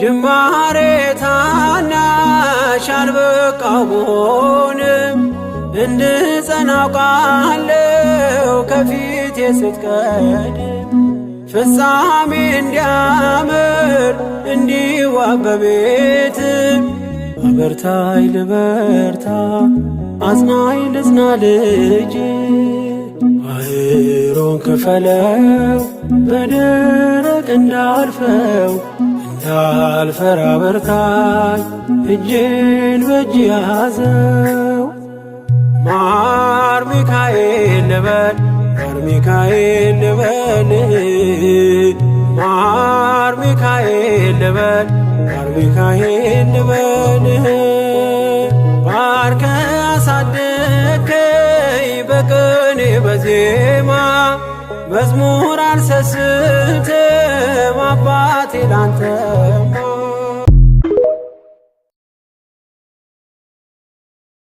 ጅማሬ ታናሽ አልበቃው ብሆንም እንድጸና አውቃለሁ ከፊቴ ስትቀድም ፍጻሜ እንዲያምር እንዲዋብ በቤት አበርታይ ልበርታ አጽናኝ ልጽና ልጅ ባህሩን ክፈለው በደረቅ እንዳልፈው ያልፈራ በርታኝ እጄን በእጅ ያዘው ማር ሚካኤል ንበል ማር ሚካኤል ንበል ማር ሚካኤል ንበል ማር ሚካኤል ንበል ባርከ አሳደከይ በቅኔ በዜማ መዝሙር አልሰስት ላንተ